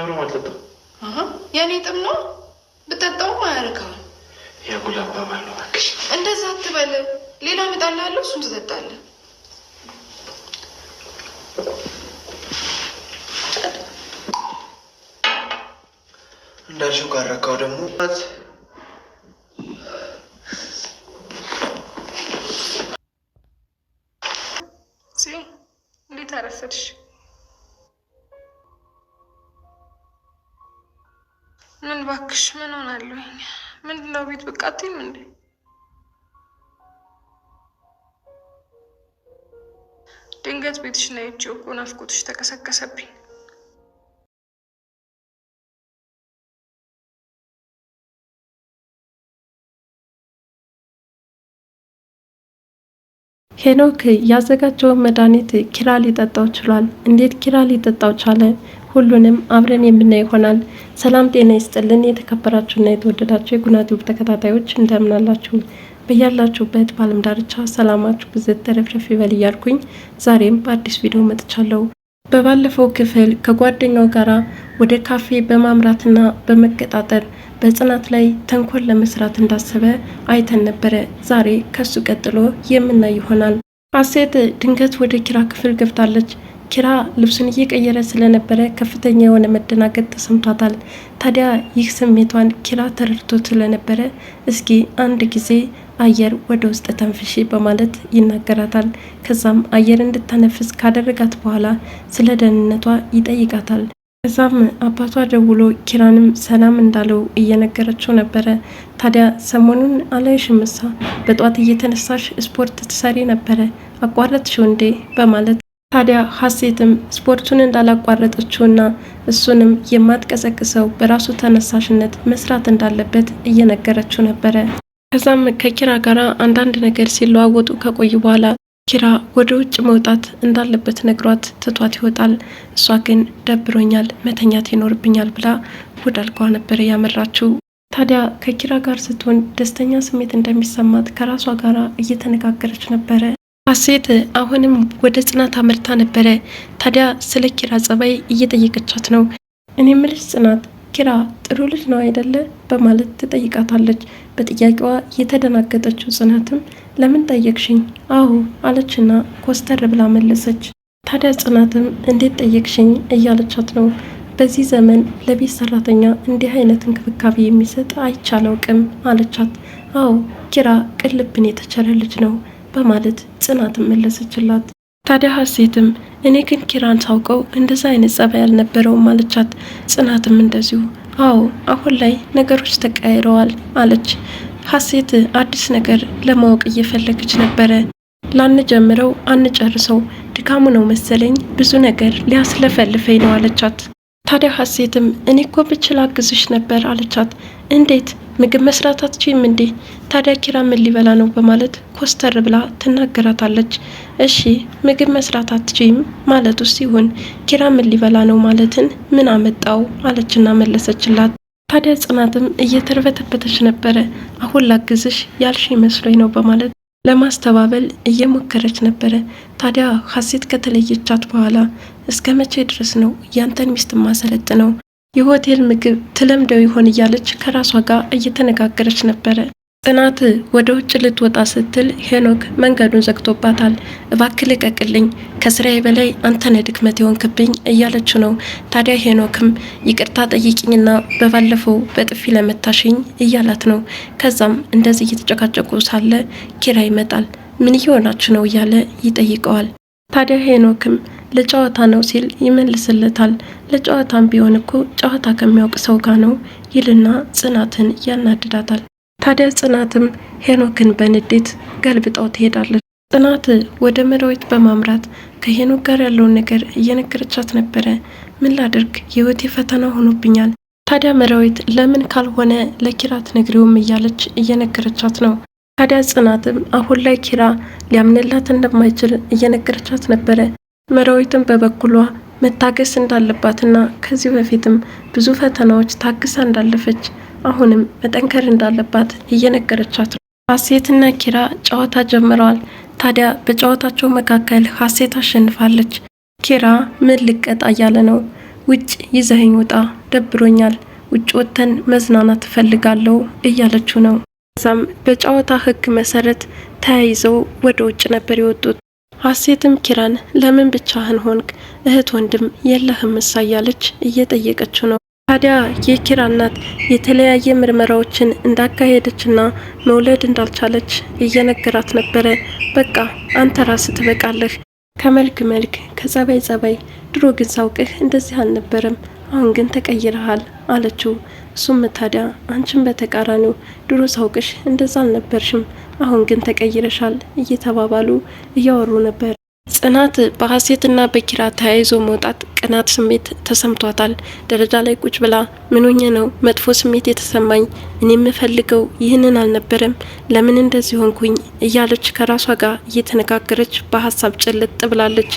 አብረው አልጠጣም። የኔ ጥም ነው ብጠጣውም አያረካም። የጉል አባባል ነው እባክሽ። እንደዛ አትበል። ሌላ ምጣላ ያለው እሱን ትጠጣለህ። እንዳልሽው ካረካው ደግሞ እባክሽ ምን ሆናለሁኝ? ምንድነው ቤት ብቃትም እንዴ? ድንገት ቤትሽ ነው የሄድሽው እኮ ናፍቆትሽ ተቀሰቀሰብኝ። ሄኖክ ያዘጋጀውን መድኃኒት ኪራ ሊጠጣው ችሏል። እንዴት ኪራ ሊጠጣው ቻለ? ሁሉንም አብረን የምናይ ይሆናል። ሰላም ጤና ይስጥልን። የተከበራችሁና የተወደዳችሁ የጉናት ውብ ተከታታዮች እንደምናላችሁ በያላችሁበት በዓለም ዳርቻ ሰላማችሁ ብዝት ተረፍረፍ ይበል እያልኩኝ ዛሬም በአዲስ ቪዲዮ መጥቻለሁ። በባለፈው ክፍል ከጓደኛው ጋር ወደ ካፌ በማምራትና በመቀጣጠር በጽናት ላይ ተንኮል ለመስራት እንዳሰበ አይተን ነበረ። ዛሬ ከሱ ቀጥሎ የምናይ ይሆናል። አሴት ድንገት ወደ ኪራ ክፍል ገብታለች። ኪራ ልብሱን እየቀየረ ስለነበረ ከፍተኛ የሆነ መደናገጥ ተሰምቷታል። ታዲያ ይህ ስሜቷን ኪራ ተረድቶ ስለነበረ እስኪ አንድ ጊዜ አየር ወደ ውስጥ ተንፍሺ በማለት ይናገራታል። ከዛም አየር እንድታነፍስ ካደረጋት በኋላ ስለ ደህንነቷ ይጠይቃታል። ከዛም አባቷ ደውሎ ኪራንም ሰላም እንዳለው እየነገረችው ነበረ። ታዲያ ሰሞኑን ምሳ በጧት እየተነሳሽ ስፖርት ትሰሪ ነበረ አቋረጥሽው እንዴ? በማለት ታዲያ ሀሴትም ስፖርቱን እንዳላቋረጠችውና እሱንም የማትቀሰቅሰው በራሱ ተነሳሽነት መስራት እንዳለበት እየነገረችው ነበረ። ከዛም ከኪራ ጋር አንዳንድ ነገር ሲለዋወጡ ከቆዩ በኋላ ኪራ ወደ ውጭ መውጣት እንዳለበት ነግሯት ትቷት ይወጣል። እሷ ግን ደብሮኛል፣ መተኛት ይኖርብኛል ብላ ወደ አልጋዋ ነበር ያመራችው። ታዲያ ከኪራ ጋር ስትሆን ደስተኛ ስሜት እንደሚሰማት ከራሷ ጋር እየተነጋገረች ነበረ። አሴት አሁንም ወደ ጽናት አመርታ ነበረ። ታዲያ ስለ ኪራ ጸባይ እየጠየቀቻት ነው። እኔ ምልሽ ጽናት ኪራ ጥሩ ልጅ ነው አይደለ? በማለት ትጠይቃታለች። በጥያቄዋ የተደናገጠችው ጽናትም ለምን ጠየቅሽኝ? አሁ አለችና ኮስተር ብላ መለሰች። ታዲያ ጽናትም እንዴት ጠየቅሽኝ እያለቻት ነው። በዚህ ዘመን ለቤት ሰራተኛ እንዲህ አይነት እንክብካቤ የሚሰጥ አይቻለውቅም አለቻት። አዎ ኪራ ቅልብን የተቸረ ልጅ ነው በማለት ጽናት መለሰችላት። ታዲያ ሀሴትም እኔ ግን ኪራን ሳውቀው እንደዛ አይነት ጸባይ አልነበረውም አለቻት። ጽናትም እንደዚሁ አዎ አሁን ላይ ነገሮች ተቀያይረዋል አለች። ሀሴት አዲስ ነገር ለማወቅ እየፈለገች ነበረ። ላንጀምረው አንጨርሰው ድካሙ ነው መሰለኝ ብዙ ነገር ሊያስለፈልፈኝ ነው አለቻት። ታዲያ ሀሴትም እኔ እኮ ብችል አግዝሽ ነበር አለቻት። እንዴት ምግብ መስራት አትችይም እንዴ? ታዲያ ኪራ ምን ሊበላ ነው በማለት ኮስተር ብላ ትናገራታለች። እሺ ምግብ መስራት አትችይም ማለቱ ሲሆን ኪራ ምን ሊበላ ነው ማለትን ምን አመጣው አለችና መለሰችላት። ታዲያ ጽናትም እየተርበተበተች ነበረ። አሁን ላግዝሽ ያልሽ መስሎኝ ነው በማለት ለማስተባበል እየሞከረች ነበረ። ታዲያ ሀሴት ከተለየቻት በኋላ እስከ መቼ ድረስ ነው ያንተን ሚስት ማሰለጥ ነው የሆቴል ምግብ ትለምደው ይሆን እያለች ከራሷ ጋር እየተነጋገረች ነበረ። ጽናት ወደ ውጭ ልትወጣ ስትል ሄኖክ መንገዱን ዘግቶባታል። እባክ ልቀቅልኝ፣ ከስራዬ በላይ አንተነ ድክመት የሆንክብኝ እያለች ነው። ታዲያ ሄኖክም ይቅርታ ጠይቅኝና በባለፈው በጥፊ ለመታሽኝ እያላት ነው። ከዛም እንደዚህ እየተጨቃጨቁ ሳለ ኪራ ይመጣል። ምን እየሆናችሁ ነው እያለ ይጠይቀዋል። ታዲያ ሄኖክም ለጨዋታ ነው ሲል ይመልስለታል። ለጨዋታም ቢሆን እኮ ጨዋታ ከሚያውቅ ሰው ጋር ነው ይልና ጽናትን ያናድዳታል። ታዲያ ጽናትም ሄኖክን በንዴት ገልብጣው ትሄዳለች። ጽናት ወደ መራዊት በማምራት ከሄኖክ ጋር ያለውን ነገር እየነገረቻት ነበረ። ምን ላድርግ ህይወቴ ፈተና ሆኖብኛል። ታዲያ መራዊት ለምን ካልሆነ ለኪራት ነግሪውም እያለች እየነገረቻት ነው። ታዲያ ጽናትም አሁን ላይ ኪራ ሊያምንላት እንደማይችል እየነገረቻት ነበረ። መራዊትም በበኩሏ መታገስ እንዳለባትና ከዚህ በፊትም ብዙ ፈተናዎች ታግሳ እንዳለፈች አሁንም መጠንከር እንዳለባት እየነገረቻት ነው። ሀሴትና ኪራ ጨዋታ ጀምረዋል። ታዲያ በጨዋታቸው መካከል ሀሴት አሸንፋለች። ኪራ ምን ልቀጣ እያለ ነው። ውጭ ይዘኸኝ ውጣ፣ ደብሮኛል፣ ውጭ ወጥተን መዝናናት እፈልጋለሁ እያለችው ነው። እዛም በጨዋታ ህግ መሰረት ተያይዘው ወደ ውጭ ነበር የወጡት። ሀሴትም ኪራን ለምን ብቻህን ሆንክ? እህት ወንድም የለህም? እያለች እየጠየቀችው ነው። ታዲያ የኪራ እናት የተለያየ ምርመራዎችን እንዳካሄደችና መውለድ እንዳልቻለች እየነገራት ነበረ። በቃ አንተ ራስ ትበቃለህ፣ ከመልክ መልክ፣ ከጸባይ ጸባይ። ድሮ ግን ሳውቅህ እንደዚህ አልነበረም፣ አሁን ግን ተቀይረሃል አለችው። እሱም ታዲያ አንቺም በተቃራኒው ድሮ ሳውቅሽ እንደዛ አልነበርሽም፣ አሁን ግን ተቀይረሻል እየተባባሉ እያወሩ ነበር። ጽናት በሀሴትና በኪራ ተያይዞ መውጣት ቅናት ስሜት ተሰምቷታል። ደረጃ ላይ ቁጭ ብላ ምኖኝ ነው መጥፎ ስሜት የተሰማኝ? እኔ የምፈልገው ይህንን አልነበረም፣ ለምን እንደዚህ ሆንኩኝ? እያለች ከራሷ ጋር እየተነጋገረች በሀሳብ ጭልጥ ብላለች።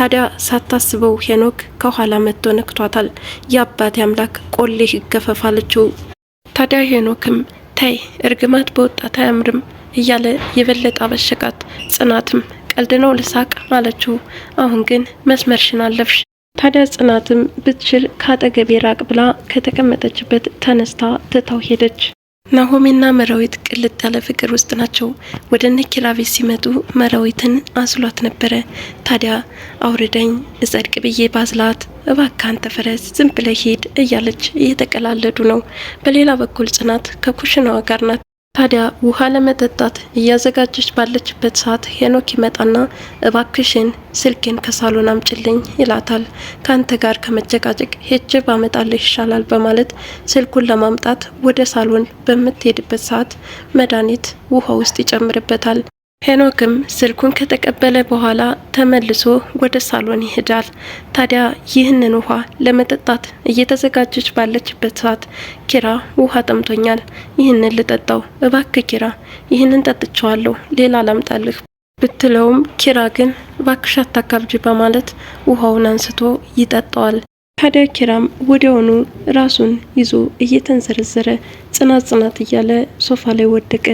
ታዲያ ሳታስበው ሄኖክ ከኋላ መጥቶ ነክቷታል። የአባቴ አምላክ ቆሌ ይገፈፋለችው። ታዲያ ሄኖክም ተይ እርግማት በወጣት አያምርም እያለ የበለጠ አበሸቃት። ጽናትም ቀልድ ነው ልሳቅ አለችው። አሁን ግን መስመርሽን አለፍሽ። ታዲያ ጽናትም ብትችል ከአጠገቤ ራቅ ብላ ከተቀመጠችበት ተነስታ ትታው ሄደች። ናሆሜና መራዊት ቅልጥ ያለ ፍቅር ውስጥ ናቸው። ወደ ነኪላቤት ቤት ሲመጡ መራዊትን አስሏት ነበረ። ታዲያ አውርደኝ እጸድቅ ብዬ ባዝላት እባክህ አንተ ፈረስ ዝም ብለህ ሄድ እያለች እየተቀላለዱ ነው። በሌላ በኩል ጽናት ከኩሽናዋ ጋር ናት። ታዲያ ውሃ ለመጠጣት እያዘጋጀች ባለችበት ሰዓት ሄኖክ ይመጣና እባክሽን ስልኬን ከሳሎን አምጭልኝ ይላታል። ከአንተ ጋር ከመጨቃጨቅ ሄጄ ባመጣልህ ይሻላል በማለት ስልኩን ለማምጣት ወደ ሳሎን በምትሄድበት ሰዓት መድኃኒት ውሃ ውስጥ ይጨምርበታል። ሄኖክም ስልኩን ከተቀበለ በኋላ ተመልሶ ወደ ሳሎን ይሄዳል። ታዲያ ይህንን ውሃ ለመጠጣት እየተዘጋጀች ባለችበት ሰዓት ኪራ ውሃ ጠምቶኛል፣ ይህንን ልጠጣው እባክህ ኪራ፣ ይህንን ጠጥቸዋለሁ፣ ሌላ አላምጣልህ ብትለውም ኪራ ግን እባክሽ አታካብጂ በማለት ውሃውን አንስቶ ይጠጣዋል። ታዲያ ኪራም ወዲያውኑ ራሱን ይዞ እየተንዘረዘረ ጽናት ጽናት እያለ ሶፋ ላይ ወደቀ።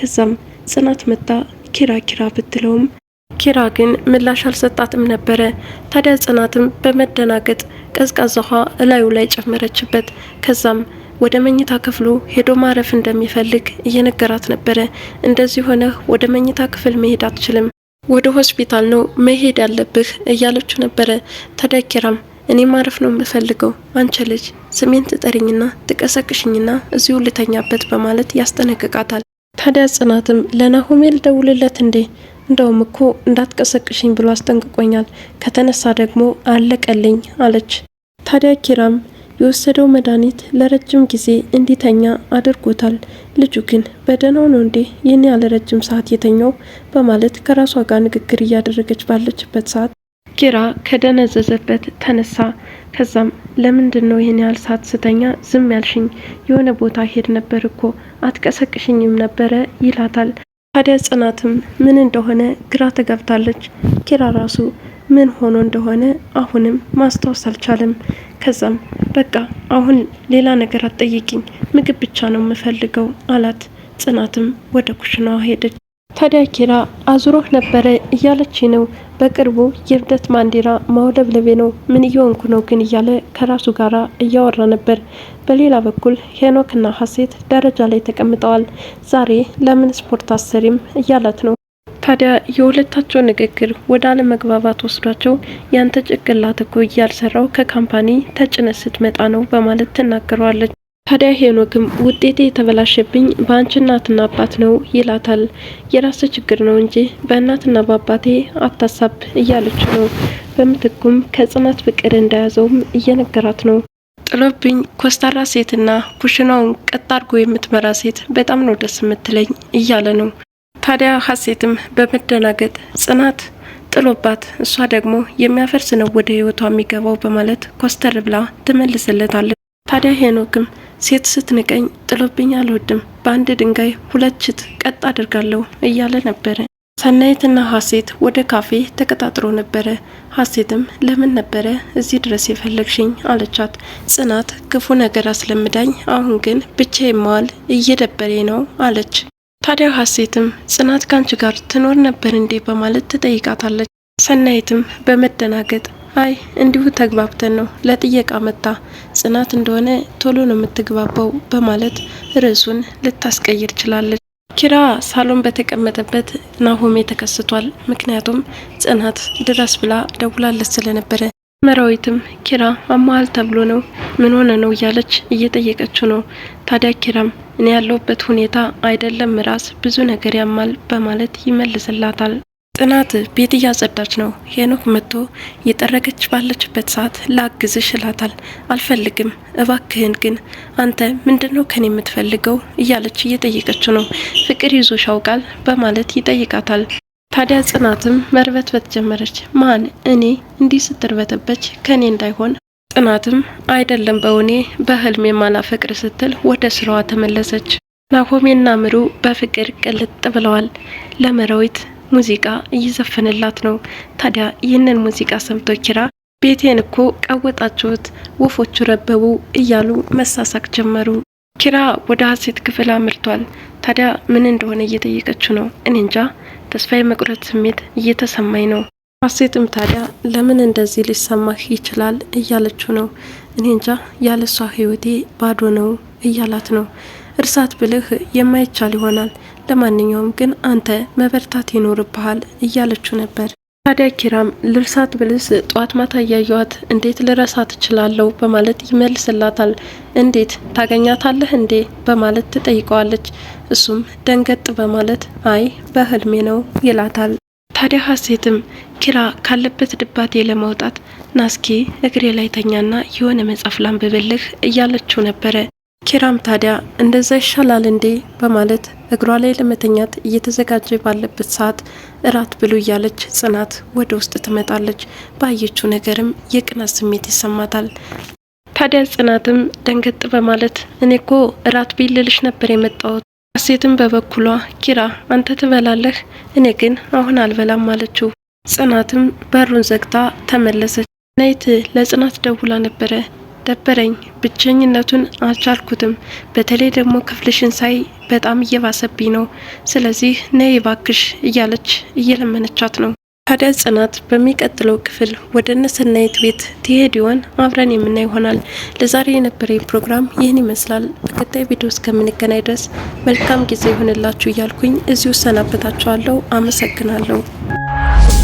ከዛም ጽናት መጣ ኪራ ኪራ ብትለውም ኪራ ግን ምላሽ አልሰጣትም ነበረ። ታዲያ ጽናትም በመደናገጥ ቀዝቃዛ ውሃ እላዩ ላይ ጨመረችበት። ከዛም ወደ መኝታ ክፍሉ ሄዶ ማረፍ እንደሚፈልግ እየነገራት ነበረ። እንደዚህ ሆነህ ወደ መኝታ ክፍል መሄድ አትችልም፣ ወደ ሆስፒታል ነው መሄድ ያለብህ እያለችው ነበረ። ታዲያ ኪራም እኔ ማረፍ ነው የምፈልገው፣ አንቺ ልጅ ስሜን ትጠሪኝና ትቀሰቅሽኝና እዚሁ ልተኛበት በማለት ያስጠነቅቃታል። ታዲያ ጽናትም ለናሆሜል ደውልለት እንዴ እንደውም እኮ እንዳትቀሰቅሽኝ ብሎ አስጠንቅቆኛል፣ ከተነሳ ደግሞ አለቀልኝ አለች። ታዲያ ኪራም የወሰደው መድኃኒት ለረጅም ጊዜ እንዲተኛ አድርጎታል። ልጁ ግን በደህናው ነው እንዴ ይህን ያለ ረጅም ሰዓት የተኛው በማለት ከራሷ ጋር ንግግር እያደረገች ባለችበት ሰዓት ኪራ ከደነዘዘበት ተነሳ። ከዛም ለምንድን ነው ይህን ያህል ሰዓት ስተኛ ዝም ያልሽኝ? የሆነ ቦታ ሄድ ነበር እኮ አትቀሰቅሽኝም ነበረ ይላታል። ታዲያ ጽናትም ምን እንደሆነ ግራ ተገብታለች። ኪራ ራሱ ምን ሆኖ እንደሆነ አሁንም ማስታወስ አልቻለም። ከዛም በቃ አሁን ሌላ ነገር አትጠይቅኝ፣ ምግብ ብቻ ነው የምፈልገው አላት። ጽናትም ወደ ኩሽናዋ ሄደች። ታዲያ ኪራ አዙሮህ ነበረ እያለች ነው። በቅርቡ የእብደት ማንዴራ ማውለብለቤ ነው፣ ምን እየሆንኩ ነው ግን እያለ ከራሱ ጋር እያወራ ነበር። በሌላ በኩል ሄኖክና ሀሴት ደረጃ ላይ ተቀምጠዋል። ዛሬ ለምን ስፖርት አሰሪም እያላት ነው። ታዲያ የሁለታቸው ንግግር ወደ አለመግባባት ወስዷቸው ያንተ ጭቅላት እኮ እያልሰራው ከካምፓኒ ተጭነት ስትመጣ ነው በማለት ትናገረዋለች። ታዲያ ሄኖክም ውጤቴ የተበላሸብኝ በአንቺ እናትና አባት ነው ይላታል። የራስ ችግር ነው እንጂ በእናትና በአባቴ አታሳብ እያለች ነው። በምትኩም ከጽናት ፍቅር እንደያዘውም እየነገራት ነው። ጥሎብኝ ኮስታራ ሴትና ኩሽናውን ቀጥ አድርጎ የምትመራ ሴት በጣም ነው ደስ የምትለኝ እያለ ነው። ታዲያ ሀሴትም በመደናገጥ ጽናት ጥሎባት እሷ ደግሞ የሚያፈርስ ነው ወደ ህይወቷ የሚገባው በማለት ኮስተር ብላ ትመልስለታለች። ታዲያ ሄኖክም ሴት ስትንቀኝ ጥሎብኝ አልወድም፣ በአንድ ድንጋይ ሁለት ሽት ቀጥ አድርጋለሁ እያለ ነበረ። ሰናይትና ሀሴት ወደ ካፌ ተቀጣጥሮ ነበረ። ሀሴትም ለምን ነበረ እዚህ ድረስ የፈለግሽኝ አለቻት። ጽናት ክፉ ነገር አስለምዳኝ፣ አሁን ግን ብቻዬን መዋል እየደበሬ ነው አለች። ታዲያ ሀሴትም ጽናት ከአንቺ ጋር ትኖር ነበር እንዴ በማለት ትጠይቃታለች። ሰናይትም በመደናገጥ አይ እንዲሁ ተግባብተን ነው ለጥየቃ መጣ ጽናት እንደሆነ ቶሎ ነው የምትግባባው በማለት ርዕሱን ልታስቀይር ችላለች። ኪራ ሳሎን በተቀመጠበት ናሆሜ ተከስቷል። ምክንያቱም ጽናት ድረስ ብላ ደውላለት ስለነበረ መራዊትም ኪራ አማል ተብሎ ነው ምን ሆነ ነው እያለች እየጠየቀችው ነው። ታዲያ ኪራም እኔ ያለሁበት ሁኔታ አይደለም ራስ ብዙ ነገር ያማል በማለት ይመልስላታል። ጽናት ቤት እያጸዳች ነው። ሄኖክ መጥቶ እየጠረገች ባለችበት ሰዓት ላግዝሽ እላታል። አልፈልግም እባክህን፣ ግን አንተ ምንድን ነው ከኔ የምትፈልገው እያለች እየጠየቀችው ነው። ፍቅር ይዞሽ ያውቃል በማለት ይጠይቃታል። ታዲያ ጽናትም መርበትበት ጀመረች። ማን እኔ እንዲህ ስትርበተበች ከኔ እንዳይሆን ጽናትም አይደለም በውኔ በህልሜ ማላፈቅር ስትል ወደ ስራዋ ተመለሰች። ናሆሜና ምሩ በፍቅር ቅልጥ ብለዋል። ለመራዊት ሙዚቃ እየዘፈነላት ነው። ታዲያ ይህንን ሙዚቃ ሰምቶ ኪራ ቤቴን እኮ ቀወጣችሁት፣ ወፎቹ ረበቡ እያሉ መሳሳቅ ጀመሩ። ኪራ ወደ ሀሴት ክፍል አምርቷል። ታዲያ ምን እንደሆነ እየጠየቀችው ነው። እኔ እንጃ ተስፋ የመቁረጥ ስሜት እየተሰማኝ ነው። ሀሴትም ታዲያ ለምን እንደዚህ ሊሰማህ ይችላል እያለችው ነው። እኔ እንጃ ያለሷ ህይወቴ ባዶ ነው እያላት ነው። እርሳት ብልህ የማይቻል ይሆናል ለማንኛውም ግን አንተ መበርታት ይኖርብሃል እያለችው ነበር። ታዲያ ኪራም ልርሳት ብልስ ጠዋት ማታ እያየዋት እንዴት ልረሳት እችላለሁ በማለት ይመልስላታል። እንዴት ታገኛታለህ እንዴ በማለት ትጠይቀዋለች። እሱም ደንገጥ በማለት አይ በህልሜ ነው ይላታል። ታዲያ ሀሴትም ኪራ ካለበት ድባቴ ለማውጣት ናስኪ እግሬ ላይ ተኛና የሆነ መጽሐፍ ላንብብልህ እያለችው ነበረ። ኪራም ታዲያ እንደዛ ይሻላል እንዴ በማለት እግሯ ላይ ለመተኛት እየተዘጋጀ ባለበት ሰዓት እራት ብሉ እያለች ጽናት ወደ ውስጥ ትመጣለች። ባየችው ነገርም የቅናት ስሜት ይሰማታል። ታዲያ ጽናትም ደንገጥ በማለት እኔ ኮ እራት ቢልልሽ ነበር የመጣሁት። ሀሴትም በበኩሏ ኪራ አንተ ትበላለህ፣ እኔ ግን አሁን አልበላም አለችው። ጽናትም በሩን ዘግታ ተመለሰች። ናይት ለጽናት ደውላ ነበረ ደበረኝ። ብቸኝነቱን አልቻልኩትም። በተለይ ደግሞ ክፍልሽን ሳይ በጣም እየባሰብኝ ነው። ስለዚህ ነይ እባክሽ እያለች እየለመነቻት ነው። ታዲያ ጽናት በሚቀጥለው ክፍል ወደ እነ ቤት ትሄድ ይሆን? አብረን የምናይ ይሆናል። ለዛሬ የነበረኝ ፕሮግራም ይህን ይመስላል። በቀጣይ ቪዲዮ እስከምንገናኝ ድረስ መልካም ጊዜ ይሆንላችሁ እያልኩኝ እዚሁ ሰናበታችኋለሁ። አመሰግናለሁ።